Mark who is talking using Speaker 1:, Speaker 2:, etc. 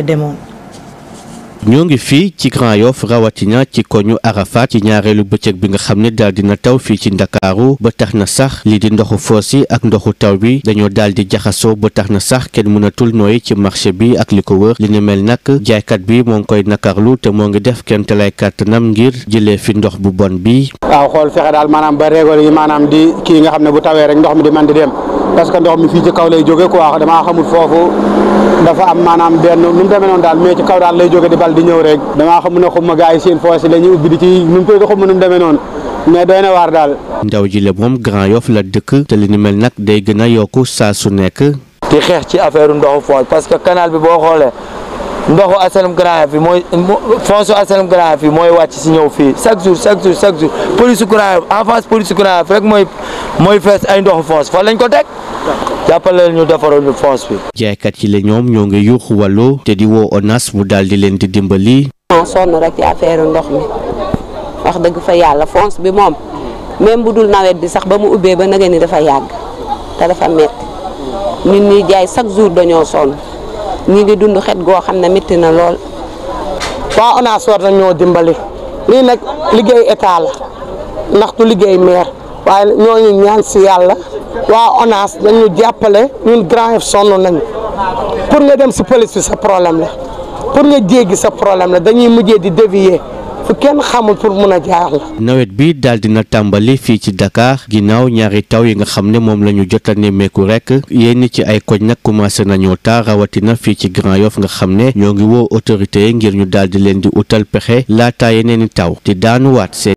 Speaker 1: demoon.
Speaker 2: ñoo ngi fii ci Grand Yoff rawatina ci koñu Arafat ci ñaareelu bëccëg bi nga xam ne daal dina taw fii ci ndakaaru ba tax na sax lii di ndoxu foos yi ak ndoxu taw bi dañoo dal di jaxasoo ba tax na sax kenn mënatul nooy ci marché bi ak li ko wër li ni mel nag jaaykat bi moo ngi koy nakarlu te moo ngi def kenn te lay kàttanam ngir jële fi ndox bu bon bi
Speaker 3: waaw xool fexe daal maanaam ba réegol yi maanaam di kii nga xam ne bu tawee rek ndox mi di man di dem parce que ndox mi fii ci kaw lay jóge quoi damaa xamul foofu dafa am maanaam benn nu mu demee noonu daal mais ci kaw daal lay jóge di bal di ñëw rek damaa xamul ne xumma gars yi seen foos yi la ubbi di ci nu mu koy xumma nu mu demee noonu mais doy na waar daal.
Speaker 2: ndaw ji la moom Grand Yoff la dëkk te li ni mel nag day a yokku saa nekk.
Speaker 4: di xeex ci affaire ndoxu foos parce que canal bi boo xoolee. ndoxu asalam Grand Yoff bi mooy fonsu asalam Grand Yoff bi mooy wàcc si ñëw fii chaque jour chaque jour chaque jour police Grand Yoff en face police Grand Yoff rek mooy mooy fees ay ndoxu fons fan lañ ko teg jàppale ñu defaral ñu fons bi.
Speaker 2: jaaykat yi la ñoom ñoo ngi yuuxu wàllu te di woo ONAS mu daal di leen di dimbali.
Speaker 1: ah sonn rek ci affaire ndox mi wax dëgg fa yàlla fons bi moom même bu dul nawet bi sax ba mu ubbee ba nageen ni dafa yàgg te dafa metti ñun ñuy jaay chaque jour dañoo sonn. ñi ngi dund xet goo xam ne métti na lool. waa ONAS war nañoo dimbali lii nag liggéey
Speaker 5: état la ndax du liggéey maire waaye ñooñu ñaan si yàlla waa ONAS dañu jàppale ñun grand chef sonn nañu pour nga dem si police sa problème la pour nga jéggi sa problème la dañuy mujjee di dévier. ku kenn xamul pour a
Speaker 2: nawet bi daal na tàmbali fii ci dakaar ginnaaw ñaari taw yi nga xam ne moom la ñu jot a nemmeeku rek yéen ci ay koj nag commencé nañoo taa rawatina fii ci Grand Yoff nga xam ne ñoo ngi woo autorité yi ngir ñu daal di leen di utal pexe laataa yeneen i taw di daanuwaat seen.